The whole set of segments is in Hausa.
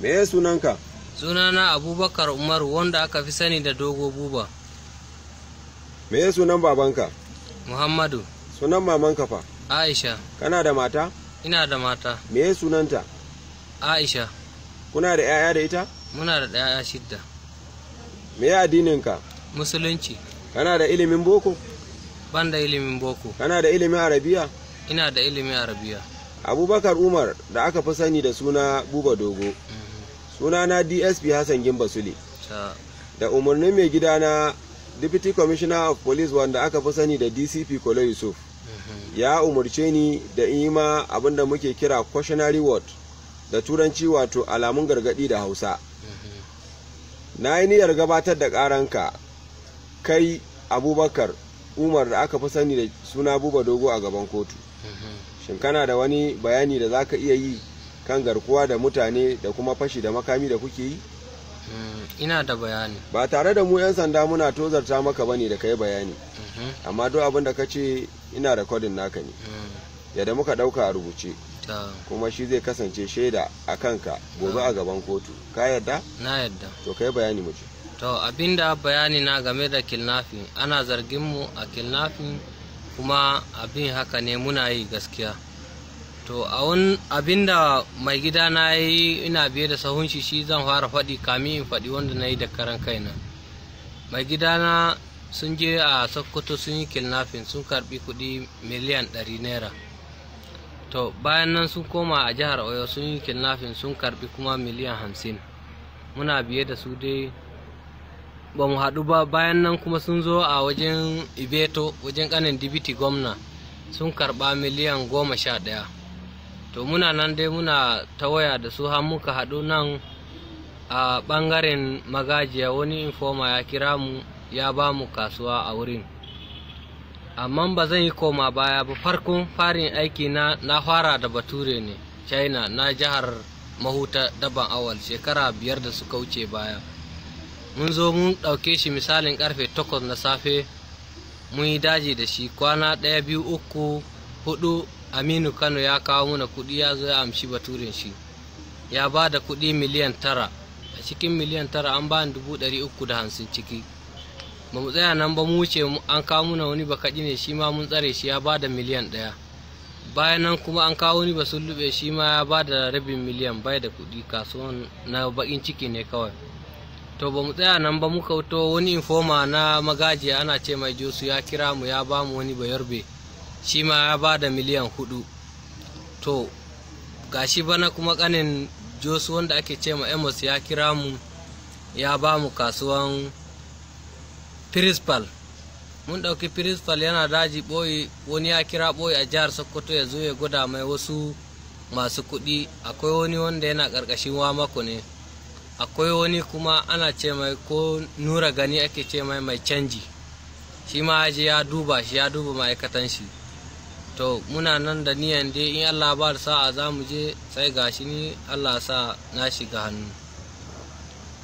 me ya sunanka sunana abubakar Umar, wanda aka fi sani da dogo buba me ya sunan babanka muhammadu sunan mamanka fa aisha kana da mata ina da mata me ya sunanta aisha kuna da 'ya'ya da ita muna da 'ya'ya shidda me ya addininka musulunci kana da ilimin boko ban da ilimin boko kana da ilimin arabiya ina da ilimin arabiya abubakar umar da aka fi sani da suna buba dogo mm. sunana dsp hassan gimba sule da umarnin mai gidana deputy commissioner of police wanda aka fi sani da dcp kolo yusuf mhm. ya umarce ni da in ma abinda muke kira cautionary word da turanci wato alamun gargadi da hausa mhm. na yi niyyar gabatar da karanka kai abubakar umar da aka fi sani da suna buba dogo a gaban kotu mhm. shin kana da wani bayani da za ka iya yi kan garkuwa da mutane da kuma fashi da makami da kuke yi? Mm, ina da bayani ba tare da mu 'yan sanda muna tozarta maka bane da kai bayani mhm. amma duk abin da ka ce ina rekodin naka ne mm. yadda muka dauka a rubuce kuma shi zai kasance shaida a kanka gobe a gaban kotu ka yadda na yadda to kai bayani mu to abinda bayani na game da kidnapping ana zargin mu a kidnapping kuma abin haka ne muna yi gaskiya to a wani abinda mai gida na yi ina biye da sahun shi shi zan fara faɗi kami in faɗi wanda na yi da karan kaina mai gida na sun je a sokoto sun yi kilnafin sun karbi kuɗi miliyan ɗari naira to bayan nan sun koma a jihar oyo sun yi kilnafin sun karbi kuma miliyan 50 muna biye da su dai ba mu haɗu ba bayan nan kuma sun zo a wajen ibeto wajen ƙanin dibiti gwamna sun karɓa miliyan goma sha ɗaya to muna nan dai muna ta waya da su har muka haɗu nan a ɓangaren magajiya wani informa ya kira mu ya ba mu kasuwa a wurin amma ba zan yi koma baya ba farkon farin aiki na na fara da bature ne china na jihar mahuta daban awal shekara biyar da suka wuce baya mun zo mun ɗauke shi misalin karfe 8 na safe mun yi daji da shi kwana ɗaya biyu uku hudu aminu kano ya kawo muna kuɗi ya zo ya amshi baturin shi ya ba da kuɗi miliyan tara a cikin miliyan tara an ba dubu ɗari uku da hamsin ciki ba mu tsaya nan ba mu wuce an kawo muna wani bakaɗi ne shi ma mun tsare shi ya ba da miliyan ɗaya bayan nan kuma an kawo wani basullube shi ma ya ba da rabin miliyan bai da kuɗi kasuwan na baƙin ciki ne kawai to ba mu tsaya nan ba muka wuto wani infoma na magajiya ana ce mai josu ya kira mu ya ba mu wani bayarbe shi ma ya ba da miliyan hudu to gashi bana kuma kanin josu wanda ake ce ma amos ya kira mu ya ba mu kasuwan principal mun ɗauki principal yana daji ɓoye wani ya kira boye a jihar sokoto ya zo ya gwada mai wasu masu kuɗi akwai wani wanda yana ƙarƙashin wamako ne akwai wani kuma ana ce mai ko nura gani ake ce mai mai canji shi ma ya duba shi ya duba ma'aikatan shi to muna nan da niyan dai in allah ba da sa'a za mu je sai gashi ni allah sa na shiga hannu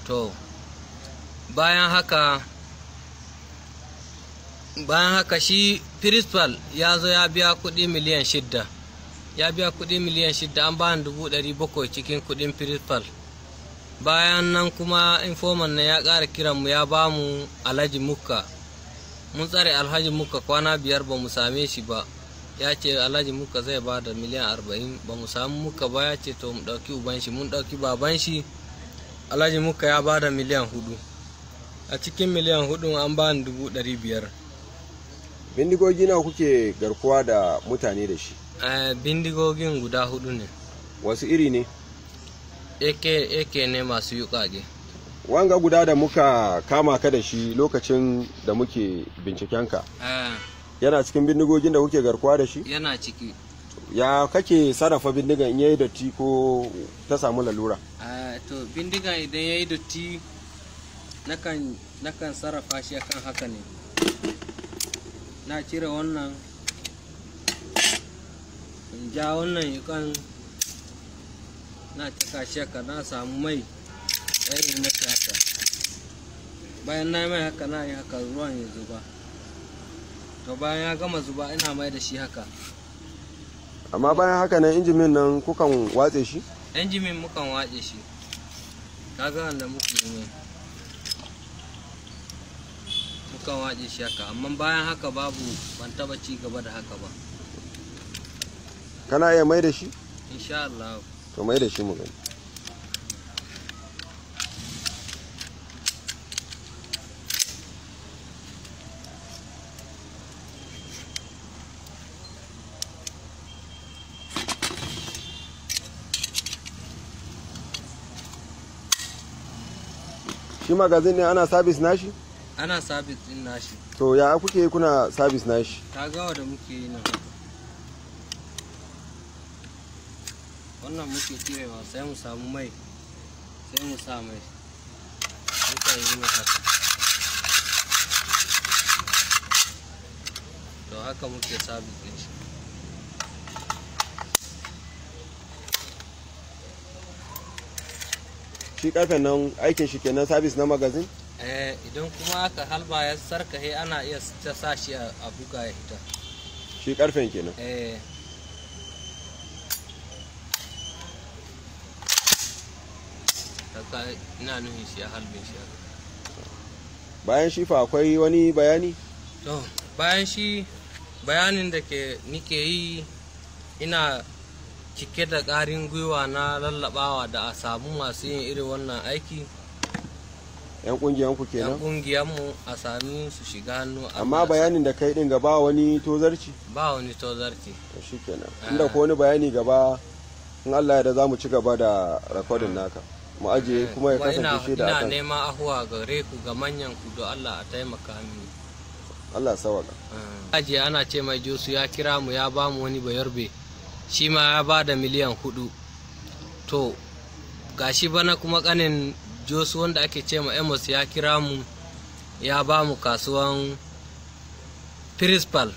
to bayan haka bayan haka shi principal ya zo ya biya kuɗi miliyan shidda ya biya kuɗi miliyan shidda an ba dubu ɗari bakwai cikin kuɗin principal bayan nan kuma informan na ya ƙara kiran mu ya ba mu alhaji muka mun tsare alhaji muka kwana biyar ba mu same shi ba ya ce alhaji muka zai ba da miliyan arba'in ba mu samu muka ba ya ce to mu ɗauki uban shi mun ɗauki baban shi alhaji muka ya ba da miliyan hudu a cikin miliyan hudu an ba ni dubu ɗari biyar bindigogi na kuke garkuwa da mutane da shi bindigogin guda hudu ne wasu iri ne ake ne masu yuƙaƙe wanga guda da muka kama ka da shi lokacin da muke binciken uh. yana cikin bindigogin da kuke garkuwa da shi yana ciki ya kake sarrafa bindigan in yayi datti ko ta samu lalura uh, to bindiga idan yayi dotti nakan nakan sarrafa shi akan haka ne na cire wannan in ja wannan yakan na cika shi ka na samu mai ɗaya in masa haka bayan na mai haka na yi haka ruwan ya zuba to bayan ya gama zuba ina mai da shi haka amma bayan haka nan injimin nan kukan watse shi injimin mukan watse shi ga wanda muke yi mukan watse shi haka amma bayan haka babu ban taba ci gaba da haka ba kana iya mai da shi insha Allah to mai da shi mu gani shi magazin ne ana sabis nashi ana sabis din nashi to ya kuke kuna sabis nashi ta gawa da muke yi na wannan muke cirewa sai mu samu mai sai mu sa mai muka yi mai haka to haka muke sabis din shi shi karfen nan aikin shi kenan sabis na magazin eh idan kuma aka halba ya sarkahe ana iya ta sa shi a buga ya hita shi karfen kenan eh haka ina nuhin shi a halbin shi bayan shi fa akwai wani bayani to bayan shi bayanin da ke nike yi ina cike da ƙarin gwiwa na lallabawa da a samu masu yin irin wannan aiki yan kungiyanku kenan yan mu a sami su shiga hannu amma bayanin da kai din gaba ba wani tozarci ba wani tozarci to shikenan inda eh. ko wani bayani gaba in Allah ya da zamu ci gaba da recording hmm. naka mu aje eh. kuma ya kasance shi da ina neman ahuwa gare ku ga manyan ku don Allah a taimaka mini Allah sawaka eh. aje ana ce mai Josu ya kira mu ya ba mu wani bayarbe shi ma ya ba da miliyan hudu to gashi bana kuma kanin josu wanda ake ce ma amos ya kira mu ya ba mu kasuwan principal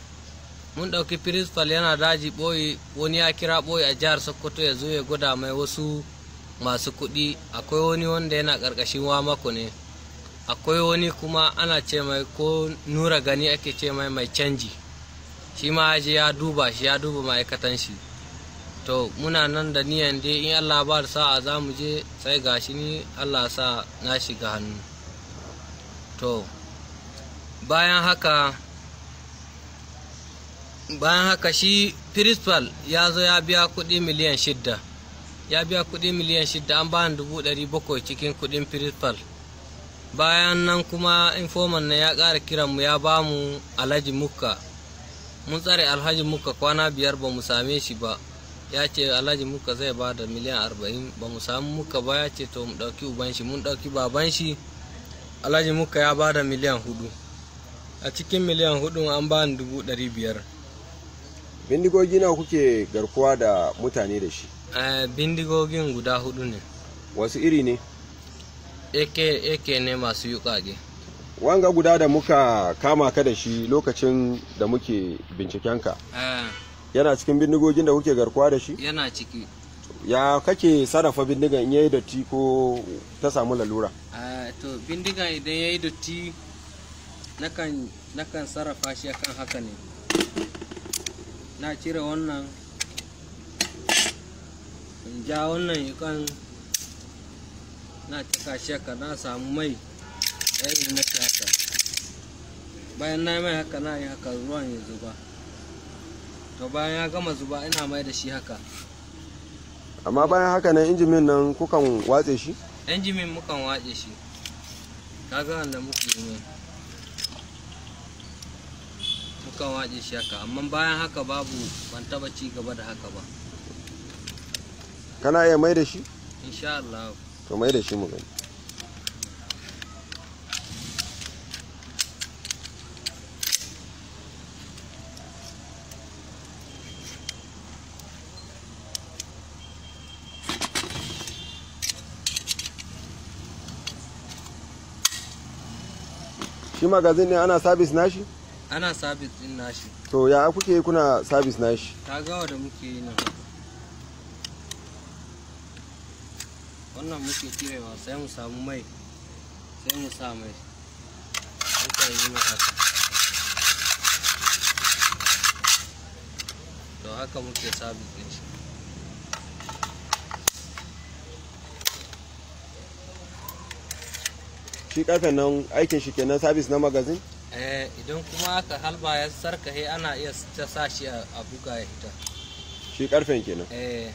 mun ɗauki principal yana daji ɓoye wani ya kira boye a jihar sokoto ya zo ya gwada mai wasu masu kuɗi akwai wani wanda yana ƙarƙashin wamako ne akwai wani kuma ana ce mai ko nura gani ake ce mai mai canji shi ma ya duba shi ya duba ma'aikatan shi to muna nan da niyan dai in allah ba da sa'a za mu je sai gashi ni allah sa na shiga hannu to bayan haka bayan haka shi principal ya zo ya biya kuɗi miliyan shidda ya biya kuɗi miliyan shidda an ba dubu ɗari bakwai cikin kuɗin principal bayan nan kuma informan na ya kara kiran mu ya ba mu alhaji muka mun tsare alhaji muka kwana biyar ba mu same shi ba ya ce alhaji muka zai ba da miliyan arba'in ba mu samu muka ba ya ce to mu ɗauki uban shi mun ɗauki baban shi alhaji muka ya ba da miliyan hudu a cikin miliyan hudu an ba ni dubu ɗari biyar bindigogi nawa kuke garkuwa da mutane da shi eh, bindigogin guda hudu ne wasu iri ne ake ne masu yuƙage. wanga guda da muka kama ka da shi lokacin da muke binciken uh. yana cikin bindigogin da kuke garkuwa da shi yana ciki ya kake sarrafa bindigan in yayi datti ko ta samu lalura uh, to bindiga idan yayi datti nakan nakan sarrafa shi akan haka ne na cire wannan in ja wannan kan na cika shi aka na samu mai ɗaya yi mata haka bayan na mai haka na yi haka ruwan ya zuba to bayan ya gama zuba ina mai da shi haka amma bayan haka nan injimin nan kukan watse shi injimin mukan watse shi kaga wanda muke yi mukan watse shi haka amma bayan haka babu ban taba ci gaba da haka ba kana iya mai da shi insha Allah to mai da shi mu gani shi magazin ne ana sabis nashi ana sabis din nashi to ya kuke kuna sabis nashi ta gawa da muke yi na wannan muke cirewa sai mu samu mai sai mu sa mai muka yi mai haka to haka muke sabis din shi shi karfen nan aikin shi kenan sabis na magazin eh idan kuma aka halba ya he ana iya ta sa shi a buga ya hita shi karfen kenan eh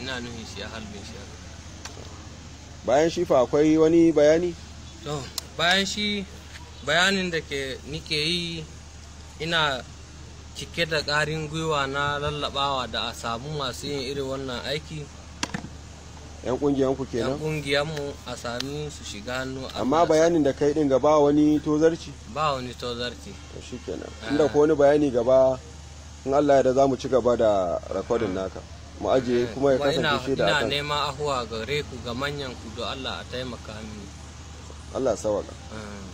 ina nuhin shi a halbin shi bayan shi fa akwai wani bayani to bayan shi bayanin da ke nike yi ina cike da ƙarin gwiwa na lallabawa da a samu masu yin irin wannan aiki yan kungiyanku kenan yan mu a sami su shiga hannu amma bayanin da kai din gaba wani tozarci ba wani tozarci to shikenan inda eh. ko wani bayani gaba in Allah ya da zamu ci gaba da recording hmm. naka mu aje eh. kuma ya kasance shi da ina neman ahuwa gare ku ga manyan ku don Allah a taimaka mini Allah sawaka eh.